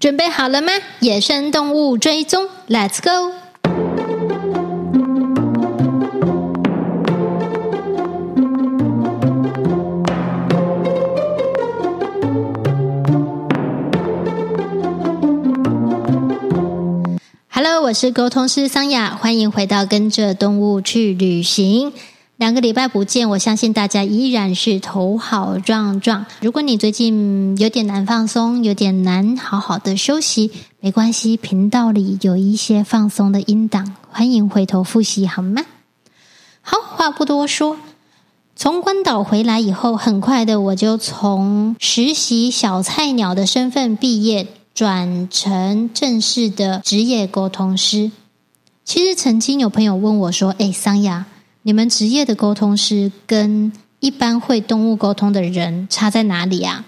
準備好了嗎？野生動物追蹤，Let's go！Hello，我是溝通師桑雅，歡迎回到跟着動物去旅行。兩個禮拜不見，我相信大家依然是頭好壯壯。如果你最近有點難放鬆，有點難好好的休息，沒關係，頻道裡有一些放鬆的音檔，歡迎回頭複習好嗎？好，話不多說，從關島回來以後，很快的我就從實習小菜鳥的身份畢業，轉成正式的職業溝通師。其實曾經有朋友問我說：“哎，桑雅。”你們職業的溝通師跟一般會動物溝通的人差在哪裡啊？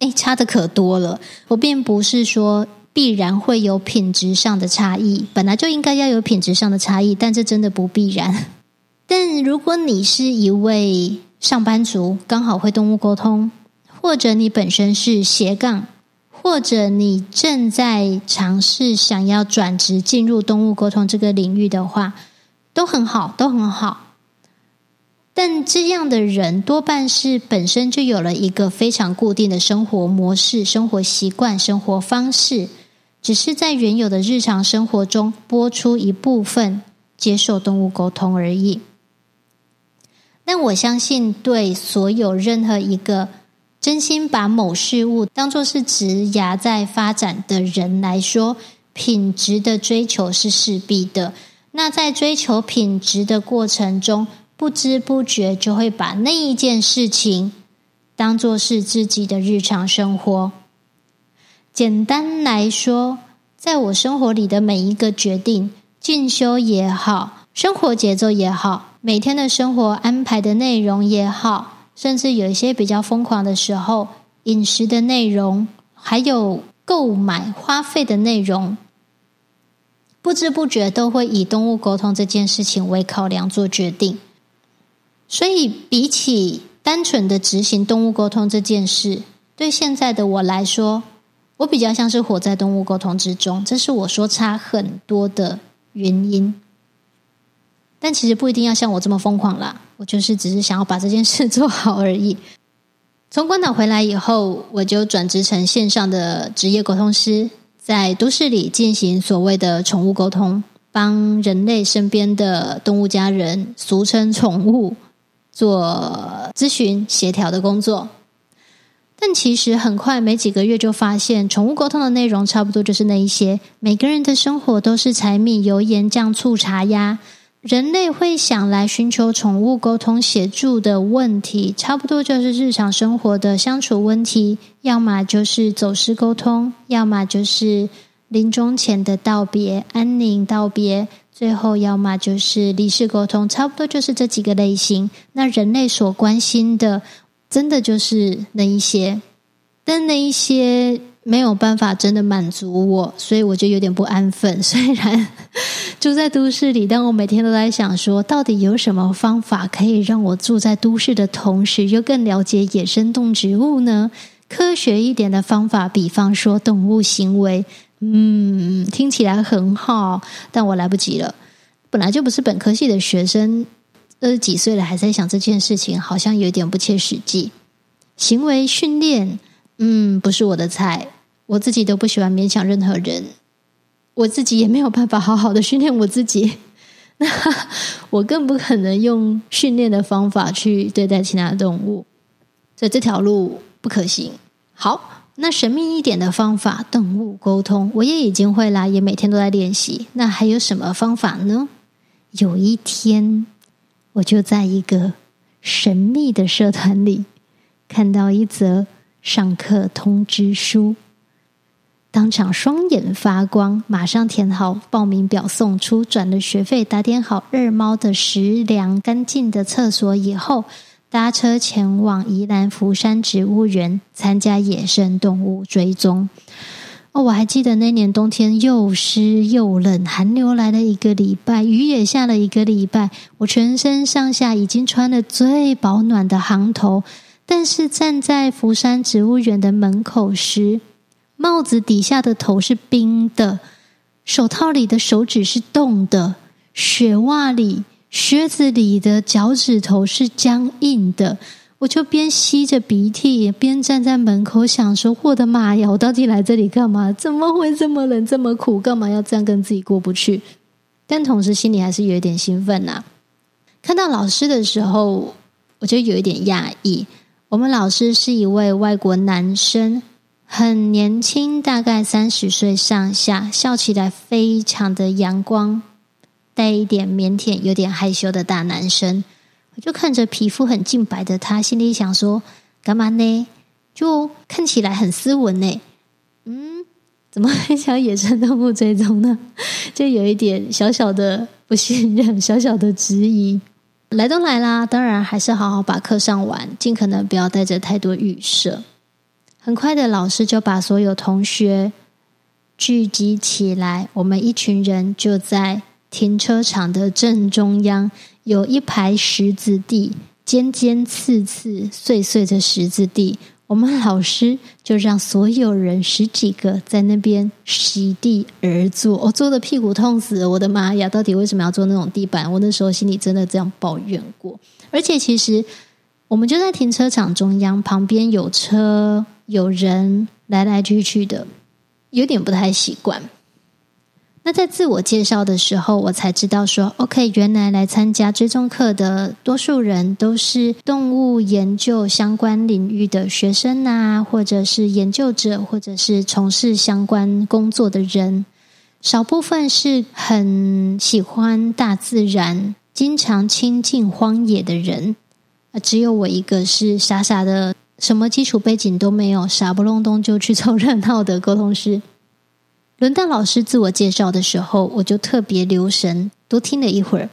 欸，差的可多了。我並不是說必然會有品質上的差異，本來就應該要有品質上的差異，但這真的不必然。但如果你是一位上班族，剛好會動物溝通，或者你本身是斜槓，或者你正在嘗試想要轉職進入動物溝通這個領域的話，都很好，都很好。但這樣的人多半是本身就有了一個非常固定的生活模式、生活習慣、生活方式，只是在原有的日常生活中撥出一部分接受動物溝通而已。但我相信，對所有任何一個真心把某事物當做是職業在發展的人來說，品質的追求是勢必的。那在追求品質的過程中，不知不覺就會把那一件事情當作是自己的日常生活。簡單來說，在我生活裡的每一個決定，進修也好，生活節奏也好，每天的生活安排的內容也好，甚至有一些比較瘋狂的時候，飲食的內容，還有購買花費的內容。不知不覺都會以動物溝通這件事情為考量做決定，所以比起單純的執行動物溝通這件事，對現在的我來說，我比較像是活在動物溝通之中，這是我說差很多的原因。但其實不一定要像我這麼瘋狂啦，我就是只是想要把這件事做好而已。從關島回來以後，我就轉職成線上的職業溝通師。在都市裡進行所謂的寵物溝通，幫人類身邊的動物家人（俗稱寵物）做諮詢協調的工作。但其實很快，沒幾個月就發現，寵物溝通的內容差不多就是那一些。每個人的生活都是柴米油鹽醬醋茶呀。人類會想來尋求寵物溝通協助的問題，差不多就是日常生活的相處問題，要麼就是走失溝通，要麼就是臨終前的道別、安寧道別，最後要麼就是離世溝通，差不多就是這幾個類型。那人類所關心的，真的就是那一些，但那一些，沒有辦法真的滿足我，所以我就有點不安分。雖然住在都市裡，但我每天都在想說，說到底有什麼方法可以讓我住在都市的同時，又更了解野生動植物呢？科學一點的方法，比方說動物行為，嗯，聽起來很好，但我來不及了。本來就不是本科系的學生，二十幾歲了還在想這件事情，好像有點不切實際。行為訓練，嗯，不是我的菜。我自己都不喜歡勉強任何人，我自己也沒有辦法好好的訓練我自己，那我更不可能用訓練的方法去對待其他的動物，所以這條路不可行。好，那神秘一點的方法，動物溝通，我也已經會啦，也每天都在練習。那還有什麼方法呢？有一天，我就在一個神秘的社團裡看到一則上課通知書。當場雙眼發光，馬上填好報名表，送出，轉了學費，打點好二貓的食糧、乾淨的廁所以後，搭車前往宜蘭福山植物園參加野生動物追蹤。哦，我還記得那年冬天又濕又冷，寒流來了一個禮拜，雨也下了一個禮拜。我全身上下已經穿了最保暖的行頭，但是站在福山植物園的門口時。帽子底下的頭是冰的，手套裡的手指是凍的，雪襪裡、靴子裡的腳趾頭是僵硬的。我就邊吸着鼻涕，邊站在門口想說：“我的媽呀，我到底來這裡幹嘛？怎麼會這麼冷，這麼苦？幹嘛要這樣跟自己過不去？”但同時心裡還是有一點興奮吶、啊。看到老師的時候，我就有一點訝異。我們老師是一位外國男生。很年輕，大概三十歲上下，笑起來非常的陽光，帶一點靦腆，有點害羞的大男生。我就看着皮膚很淨白的他，心裡想說幹嘛呢？就看起來很斯文呢。嗯，怎麼會想野生動物追蹤呢？就有一點小小的不信任，小小的質疑。來都來啦，當然還是好好把課上完，盡可能不要帶着太多預設。很快的，老師就把所有同學聚集起來。我們一群人就在停車場的正中央，有一排石子地，尖尖刺刺、碎碎的石子地。我們老師就讓所有人十幾個在那邊席地而坐。我、哦、坐的屁股痛死了！我的媽呀，到底為什麼要坐那種地板？我那時候心裡真的這樣抱怨過。而且，其實我們就在停車場中央，旁邊有車。有人來來去去的，有點不太習慣。那在自我介紹的時候，我才知道說，OK，原來來參加追蹤課的多數人都是動物研究相關領域的學生啊，或者是研究者，或者是從事相關工作的人。少部分是很喜歡大自然、經常親近荒野的人啊，只有我一個是傻傻的。什麼基礎背景都沒有，傻不隆咚就去湊熱鬧的溝通師。輪到老師自我介紹的時候，我就特別留神，多聽了一會兒。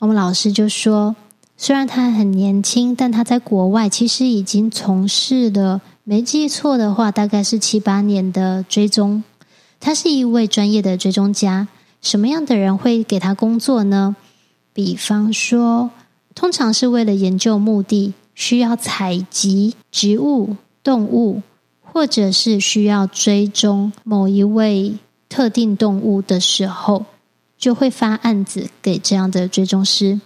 我們老師就說：“雖然他很年輕，但他在國外其實已經從事了，沒記錯的話，大概是七八年的追蹤。他是一位專業的追蹤家，什麼樣的人會給他工作呢？比方說，通常是為了研究目的。”需要採集植物、動物，或者是需要追蹤某一位特定動物的時候，就會發案子給這樣的追蹤師。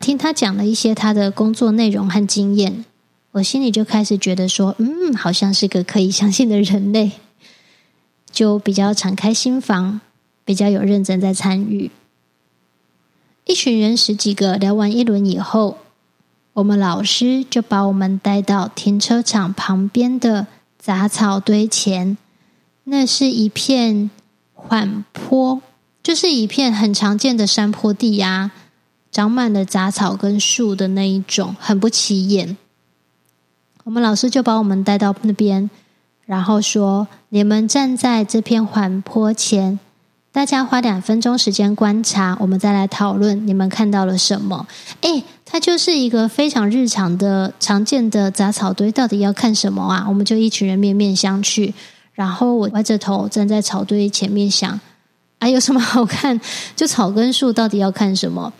聽他講了一些他的工作內容和經驗，我心裡就開始覺得說，嗯，好像是個可以相信的人類，就比較敞開心房，比較有認真在參與。一群人十幾個聊完一輪以後，我們老師就把我們帶到停車場旁邊的雜草堆前，那是一片緩坡，就是一片很常見的山坡地啊，長滿了雜草跟樹的那一種，很不起眼。我們老師就把我們帶到那邊，然後說：“你們站在這片緩坡前。”大家花兩分鐘時間觀察，我們再來討論你們看到了什麼？哎，它就是一個非常日常的、常見的雜草堆，到底要看什麼啊？我們就一群人面面相覷，然後我歪着頭站在草堆前面想：啊，有什麼好看？就草根樹到底要看什麼？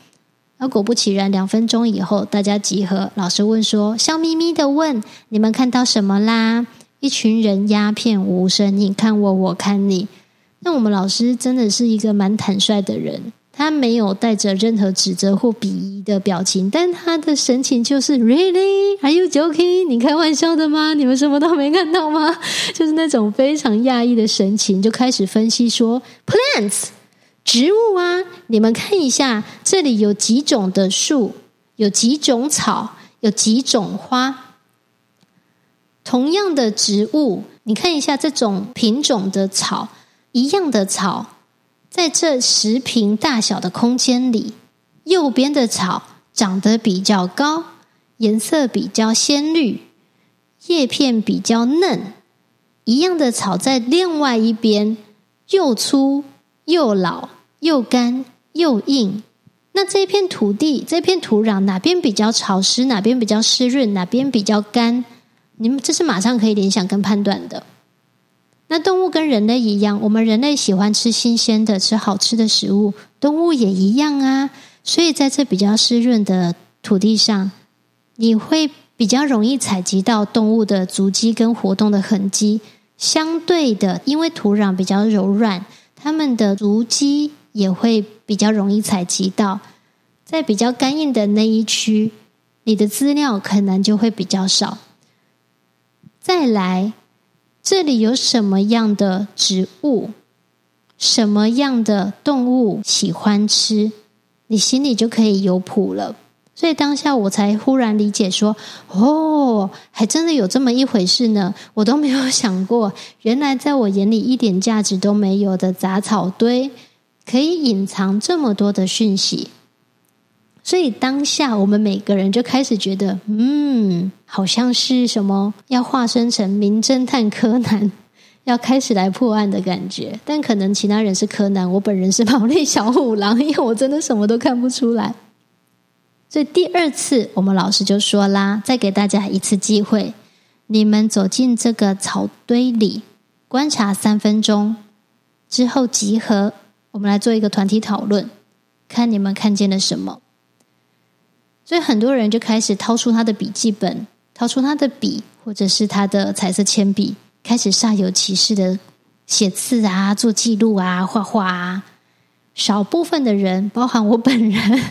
而果不其然，兩分鐘以後大家集合，老師問說，笑眯眯的問：你們看到什麼啦？一群人鴉雀無聲，你看我，我看你。那我們老師真的是一個蠻坦率的人，他沒有帶着任何指責或鄙夷的表情，但他的神情就是 Really? Are you joking？你開玩笑的嗎？你們什麼都沒看到嗎？就是那種非常訝異的神情，就開始分析說：Plants，植物啊，你們看一下，這裡有幾種的樹，有幾種草，有幾種花。同樣的植物，你看一下這種品種的草。一樣的草，在這十平大小的空間裡，右邊的草長得比較高，顏色比較鮮綠，葉片比較嫩。一樣的草在另外一邊，又粗又老又乾又硬。那這片土地，這片土壤哪邊比較潮濕，哪邊比較濕潤，哪邊比較乾？你們這是馬上可以聯想跟判斷的。那動物跟人類一樣，我們人類喜歡吃新鮮的、吃好吃的食物，動物也一樣啊。所以在這比較濕潤的土地上，你會比較容易採集到動物的足跡跟活動的痕跡。相對的，因為土壤比較柔軟，它們的足跡也會比較容易採集到。在比較乾硬的那一區，你的資料可能就會比較少。再來。這裡有什麼樣的植物，什麼樣的動物喜歡吃，你心裡就可以有譜了。所以當下我才忽然理解說：“哦，還真的有這麼一回事呢！我都沒有想過，原來在我眼裡一點價值都沒有的雜草堆，可以隱藏這麼多的訊息。”所以當下，我們每個人就開始覺得，嗯，好像是什麼要化身成名偵探柯南，要開始來破案的感覺。但可能其他人是柯南，我本人是毛利小五郎，因為我真的什麼都看不出來。所以第二次，我們老師就說啦，再給大家一次機會，你們走進這個草堆裡觀察三分鐘，之後集合，我們來做一個團體討論，看你們看見了什麼。所以很多人就開始掏出他的筆記本，掏出他的筆，或者是他的彩色鉛筆，開始煞有其事的寫字啊、做記錄啊、畫畫啊。少部分的人，包含我本人，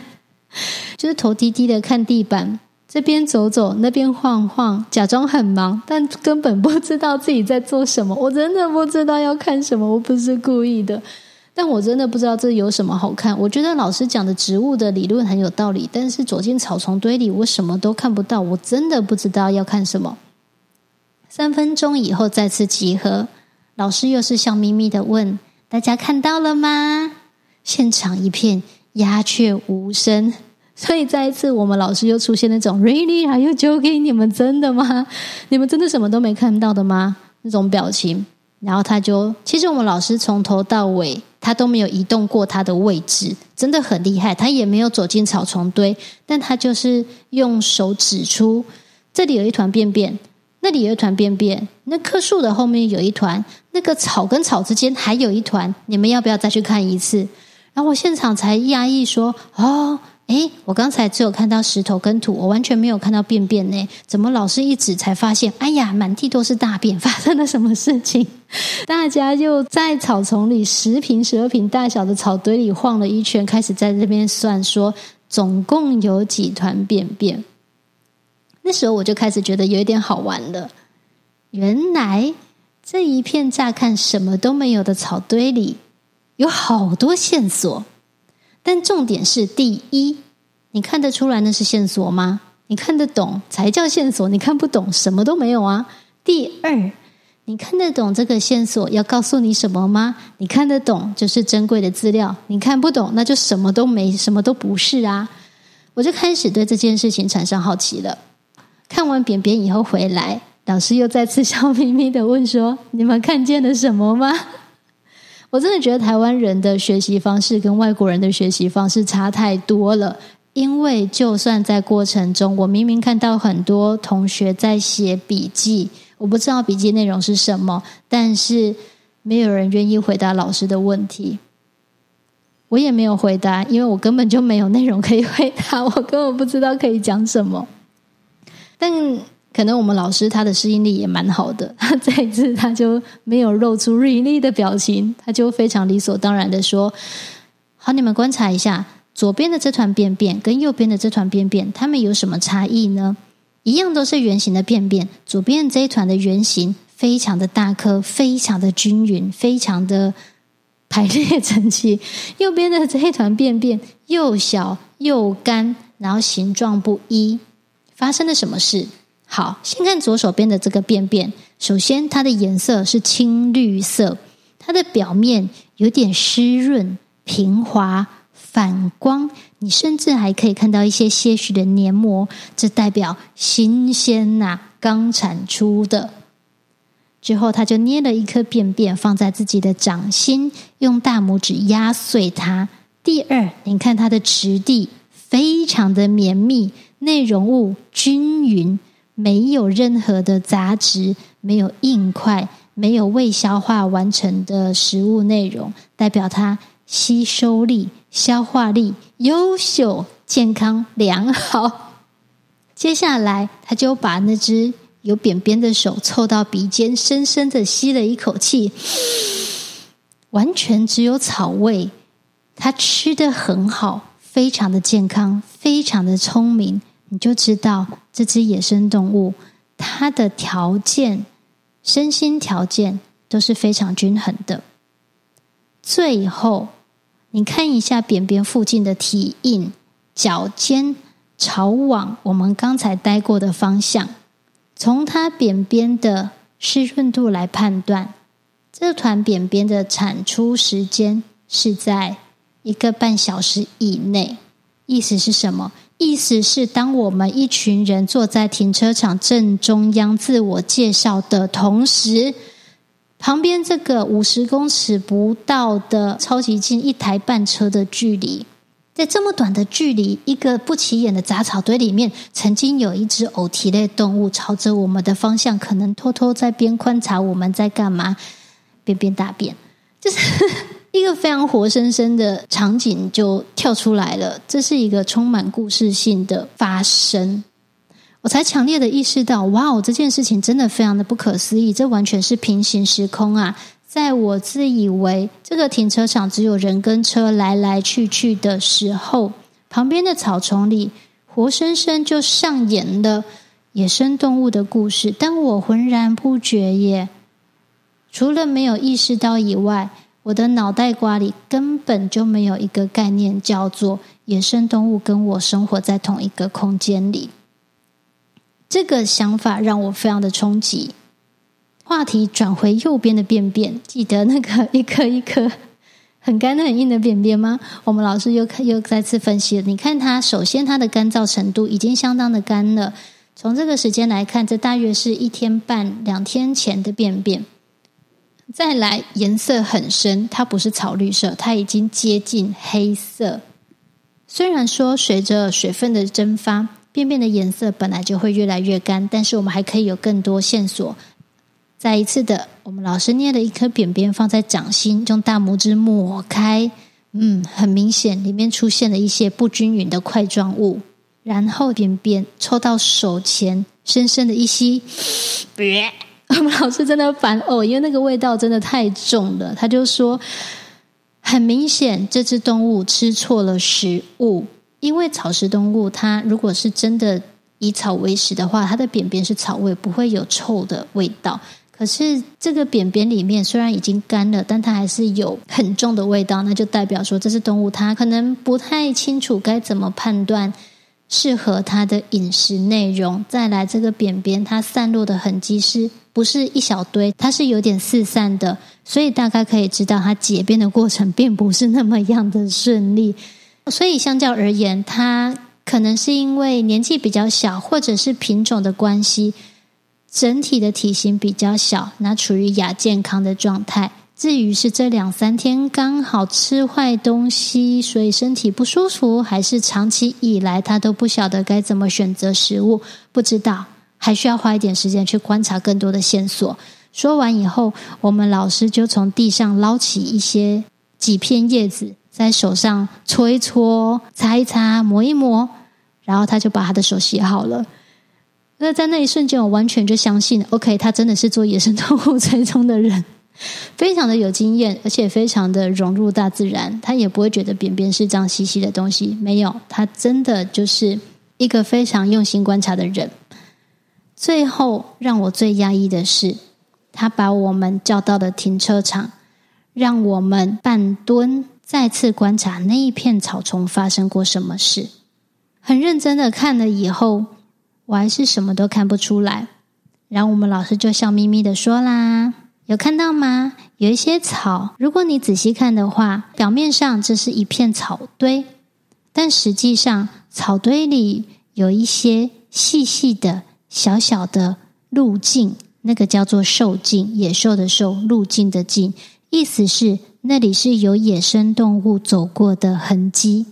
就是頭低低的看地板，這邊走走，那邊晃晃，假裝很忙，但根本不知道自己在做什麼。我真的不知道要看什麼，我不是故意的。但我真的不知道這有什麼好看。我覺得老師講的植物的理論很有道理，但是走進草叢堆裡，我什麼都看不到。我真的不知道要看什麼。三分鐘以後再次集合，老師又是笑眯眯的問：“大家看到了嗎？”現場一片鴉雀無聲。所以再一次，我們老師又出現那種 “Really? Are you joking? 真的嗎？你們真的什麼都沒看到的嗎？”那種表情。然後他就，其實我們老師從頭到尾。他都沒有移動過他的位置，真的很厲害。他也沒有走進草叢堆，但他就是用手指出，這裡有一團便便，那裡有一團便便，那棵樹的後面有一團，那個草跟草之間還有一團。你們要不要再去看一次？然後我現場才壓抑說：“哦。”哎，我剛才只有看到石頭跟土，我完全沒有看到便便耶。怎麼老師一指才發現？哎呀，滿地都是大便，發生了什麼事情？大家就在草叢裡十坪、十二坪大小的草堆裡晃了一圈，開始在這邊算說總共有幾團便便。那時候我就開始覺得有一點好玩了。原來這一片乍看什麼都沒有的草堆裡，有好多線索。但重點是，第一，你看得出來那是線索嗎？你看得懂才叫線索，你看不懂什麼都沒有啊。第二，你看得懂這個線索要告訴你什麼嗎？你看得懂就是珍貴的資料，你看不懂那就什麼都沒，什麼都不是啊。我就開始對這件事情產生好奇了。看完便便以後回來，老師又再次笑眯眯的問說：“你們看見了什麼嗎？”我真的覺得台灣人的學習方式跟外國人的學習方式差太多了。因為就算在過程中，我明明看到很多同學在寫筆記，我不知道筆記內容是什麼，但是沒有人願意回答老師的問題。我也沒有回答，因為我根本就沒有內容可以回答，我根本不知道可以講什麼。但可能我們老師他的適應力也蠻好的，他這一次他就沒有露出銳利的表情，他就非常理所當然的說：“好，你們觀察一下，左邊的這團便便跟右邊的這團便便，它們有什麼差異呢？一樣都是圓形的便便，左邊這一團的圓形非常的大顆，非常的均勻，非常的排列整齊；右邊的這一團便便又小又乾，然後形狀不一，發生了什麼事？”好，先看左手邊的這個便便。首先，它的顏色是青綠色，它的表面有點濕潤、平滑、反光。你甚至還可以看到一些些許的黏膜，這代表新鮮吶、啊，剛產出的。之後，他就捏了一顆便便放在自己的掌心，用大拇指壓碎它。第二，你看它的質地非常的綿密，內容物均勻。沒有任何的雜質，沒有硬塊，沒有未消化完成的食物內容，代表它吸收力、消化力優秀，健康良好。接下來，他就把那隻有扁扁的手湊到鼻尖，深深地吸了一口氣，完全只有草味。他吃得很好，非常的健康，非常的聰明。你就知道這隻野生動物，它的條件、身心條件都是非常均衡的。最後，你看一下便便附近的蹄印，腳尖朝往我們剛才待過的方向，從它便便的濕潤度來判斷，這團便便的產出時間是在一個半小時以內。意思是什麼？意思是，當我們一群人坐在停車場正中央自我介紹的同時，旁邊這個五十公尺不到的超級近，一台半車的距離，在這麼短的距離，一個不起眼的雜草堆裡面，曾經有一隻偶蹄類動物朝着我們的方向，可能偷偷在邊觀察我們在幹嘛，邊邊大便，就是。 一個非常活生生的場景就跳出來了，這是一個充滿故事性的發生。我才強烈的意識到，哇哦，這件事情真的非常的不可思議，這完全是平行時空啊。在我自以為這個停車場只有人跟車來來去去的時候，旁邊的草叢裡活生生就上演了野生動物的故事，但我渾然不覺耶，除了沒有意識到以外。我的腦袋瓜裡根本就沒有一個概念，叫做野生動物跟我生活在同一個空間裡。這個想法讓我非常的衝擊。話題轉回右邊的便便，記得那個一顆一顆很乾的、很硬的便便嗎？我們老師又看又再次分析了。你看它，首先它的乾燥程度已經相當的乾了。從這個時間來看，這大約是一天半、兩天前的便便。再來，顏色很深，它不是草綠色，它已經接近黑色。雖然說隨着水分的蒸發，便便的顏色本來就會越來越乾，但是我們還可以有更多線索。再一次的，我們老師捏了一顆便便放在掌心，用大拇指抹開，嗯，很明顯裡面出現了一些不均勻的塊狀物。然後便便抽到手前，深深的一吸，別。我們老師真的煩哦，因為那個味道真的太重了。他就說，很明顯這隻動物吃錯了食物，因為草食動物它如果是真的以草為食的話，它的便便是草味，不會有臭的味道。可是這個便便裡面雖然已經乾了，但它還是有很重的味道，那就代表說這隻動物它可能不太清楚該怎麼判斷，適合它的飲食內容，再來這個扁扁，它散落的痕跡是不是一小堆？它是有點四散的，所以大概可以知道它解便的過程並不是那麼樣的順利。所以相較而言，它可能是因為年紀比較小，或者是品種的關係，整體的體型比較小，那處於亞健康的狀態。至於是這兩三天剛好吃壞東西，所以身體不舒服，還是長期以來他都不曉得該怎麼選擇食物，不知道，還需要花一點時間去觀察更多的線索。說完以後，我們老師就從地上撈起一些幾片葉子，在手上搓一搓、擦一擦、磨一磨，然後他就把他的手洗好了。那在那一瞬間，我完全就相信，OK，他真的是做野生動物追蹤的人。非常的有經驗，而且非常的融入大自然。他也不會覺得便便是髒兮兮的東西。沒有，他真的就是一個非常用心觀察的人。最後讓我最壓抑的是，他把我們叫到了停車場，讓我們半蹲，再次觀察那一片草叢發生過什麼事。很認真的看了以後，我還是什麼都看不出來。然後我們老師就笑眯眯的說啦。有看到嗎？有一些草，如果你仔細看的話，表面上這是一片草堆，但實際上草堆裡有一些細細的、小小的路徑，那個叫做獸徑，野獸的獸，路徑的徑，意思是那裡是有野生動物走過的痕跡。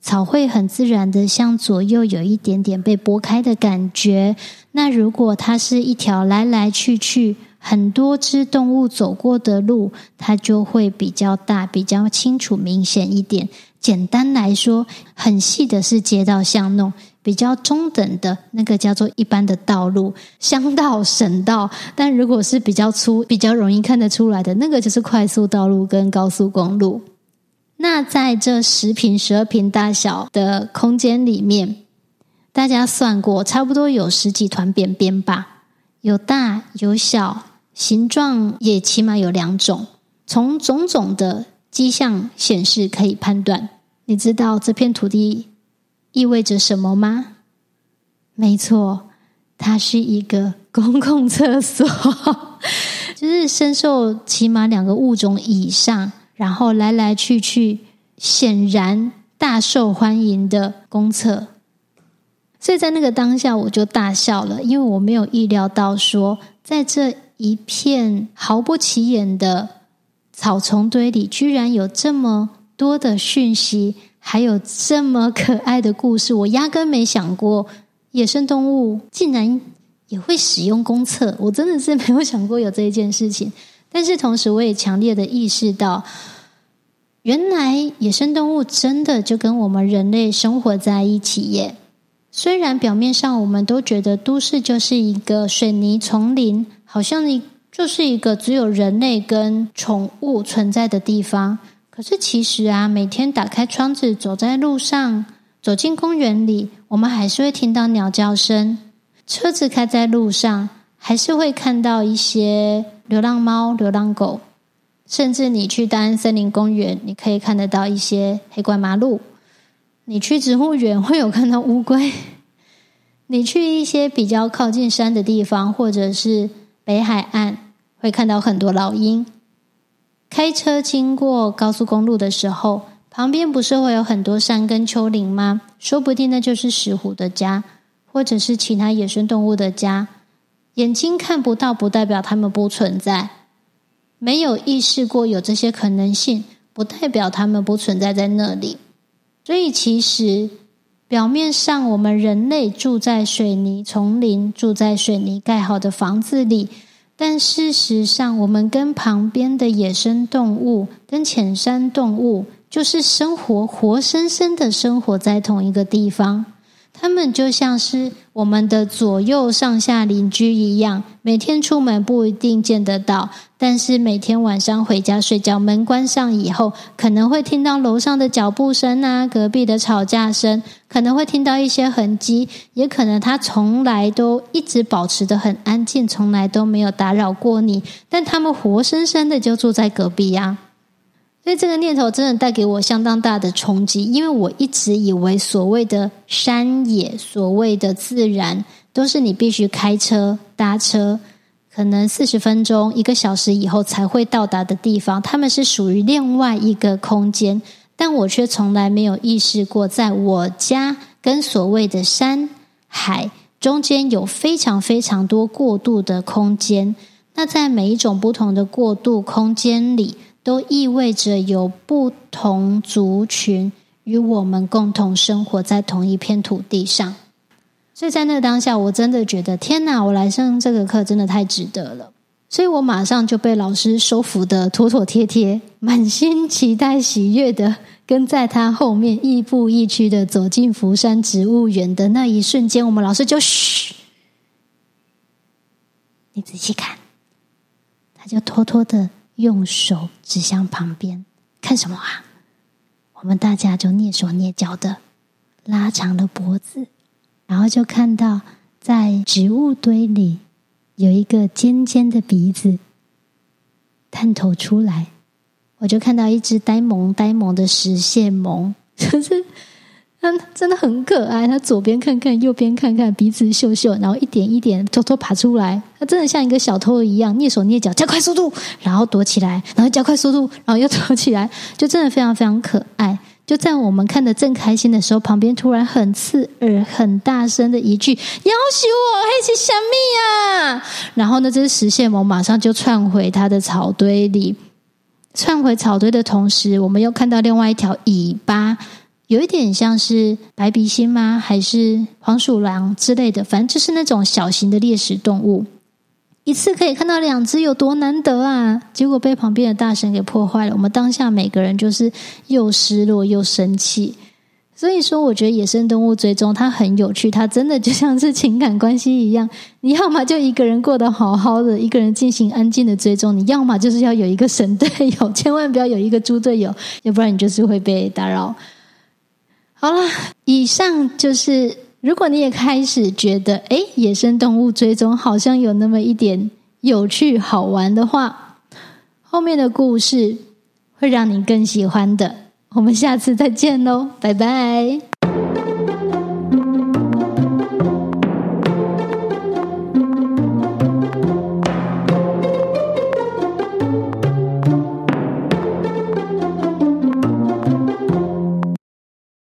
草會很自然地向左右有一點點被撥開的感覺。那如果它是一條來來去去。很多隻動物走過的路，它就會比較大、比較清楚、明顯一點。簡單來說，很細的是街道巷弄，比較中等的那個叫做一般的道路、鄉道、省道；但如果是比較粗、比較容易看得出來的，那個就是快速道路跟高速公路。那在這十坪十二坪大小的空間裡面，大家算過，差不多有十幾團便便吧，有大有小。形狀也起碼有兩種，從種種的跡象顯示可以判斷，你知道這片土地意味着什麼嗎？沒錯，它是一個公共廁所，就是深受起碼兩個物種以上，然後來來去去，顯然大受歡迎的公廁。所以在那個當下，我就大笑了，因為我沒有意料到說在這。一片毫不起眼的草叢堆裡，居然有這麼多的訊息，還有這麼可愛的故事。我壓根沒想過，野生動物竟然也會使用公廁。我真的是沒有想過有這一件事情。但是同時，我也強烈的意識到，原來野生動物真的就跟我們人類生活在一起耶。雖然表面上我們都覺得都市就是一個水泥叢林。好像你就是一個只有人類跟寵物存在的地方。可是其實啊，每天打開窗子，走在路上，走進公園裡，我們還是會聽到鳥叫聲；車子開在路上，還是會看到一些流浪貓、流浪狗。甚至你去大安森林公園，你可以看得到一些黑冠麻鷺；你去植物園會有看到烏龜；你去一些比較靠近山的地方，或者是。北海岸會看到很多老鷹。開車經過高速公路的時候，旁邊不是會有很多山跟丘陵嗎？說不定那就是石虎的家，或者是其他野生動物的家。眼睛看不到，不代表它們不存在。沒有意識過有這些可能性，不代表它們不存在在那裡。所以其實……表面上，我們人類住在水泥叢林，住在水泥蓋好的房子裡；但事實上，我們跟旁邊的野生動物、跟淺山動物，就是生活活生生的生活在同一個地方。他們就像是我們的左右上下鄰居一樣，每天出門不一定見得到，但是每天晚上回家睡覺，門關上以後，可能會聽到樓上的腳步聲啊，隔壁的吵架聲，可能會聽到一些痕跡，也可能他從來都一直保持得很安靜，從來都沒有打擾過你，但他們活生生的就住在隔壁呀、啊。所以這個念頭真的帶給我相當大的衝擊，因為我一直以為所謂的山野，所謂的自然，都是你必須開車、搭車，可能四十分鐘、一個小時以後才會到達的地方。他們是屬於另外一個空間，但我卻從來沒有意識過，在我家跟所謂的山海中間有非常非常多過渡的空間。那在每一種不同的過渡空間裡，都意味着有不同族群與我們共同生活在同一片土地上，所以在那當下，我真的覺得天哪！我來上這個課真的太值得了，所以我馬上就被老師收服的妥妥帖帖，滿心期待喜悅的跟在他後面，亦步亦趨的走進福山植物園的那一瞬間，我們老師就噓，你仔細看，他就偷偷的。用手指向旁邊，看什麼啊？我們大家就躡手躡腳的，拉長了脖子，然後就看到在植物堆裡有一個尖尖的鼻子探頭出來，我就看到一隻呆萌呆萌的食蟹獴，就是。他真的很可愛，他左邊看看，右邊看看，鼻子嗅嗅，然後一點一點偷偷爬出來。他真的像一個小偷一樣，躡手躡腳，加快速度，然後躲起來，然後加快速度，然後又躲起來，就真的非常非常可愛。就在我們看得正開心的時候，旁邊突然很刺耳、很大聲的一句：“要挾我，黑奇什麼呀、啊！”然後呢，這隻食蟹獴馬上就竄回它的草堆裡，竄回草堆的同時，我們又看到另外一條尾巴。有一點像是白鼻心嗎？還是黃鼠狼之類的？反正就是那種小型的獵食動物。一次可以看到兩隻有多難得啊！結果被旁邊的大神給破壞了。我們當下每個人就是又失落又生氣。所以說，我覺得野生動物追蹤它很有趣，它真的就像是情感關係一樣。你要麼就一個人過得好好的，一個人進行安靜的追蹤；你要麼就是要有一個神隊友，千萬不要有一個豬隊友，要不然你就是會被打擾。好了，以上就是如果你也開始覺得，誒，野生動物追蹤好像有那麼一點有趣好玩的話，後面的故事會讓你更喜歡的。我們下次再見嘍，拜拜。